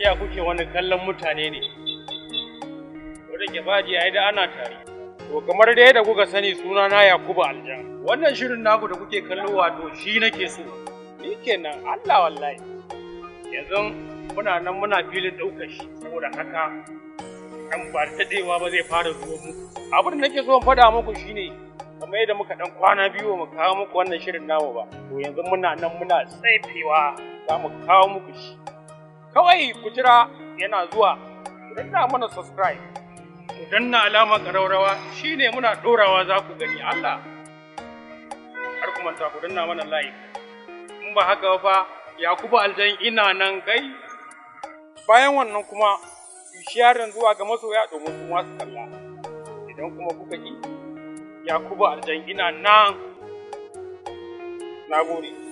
iya kuke wani kallon mutane ne wadda ke faji yi da ana tare to kamar dai da kuka sani suna na yakubu Alja. wannan shirin naku da kuke kallo wato shi nake so ni kenan allah wallahi yanzu muna nan muna filin ɗaukar shi saboda haka an ba daɗewa ba zai fara zuwa muku abin da nake so in faɗa muku shine kamar yadda muka ɗan kwana biyu mu kawo muku wannan shirin namu ba to yanzu muna nan muna tsaifewa za mu kawo muku shi kawai ku jira yana zuwa danna mana subscribe ku danna alama ƙaraurawa shine muna ɗorawa za ku gani Allah har kuma manta ku danna mana like in ba haka ba Yakubu Aljan ina nan kai bayan wannan kuma sharing zuwa ga masoya domin kuma su kalla idan kuma kuka yi, Yakubu Aljan ina nan na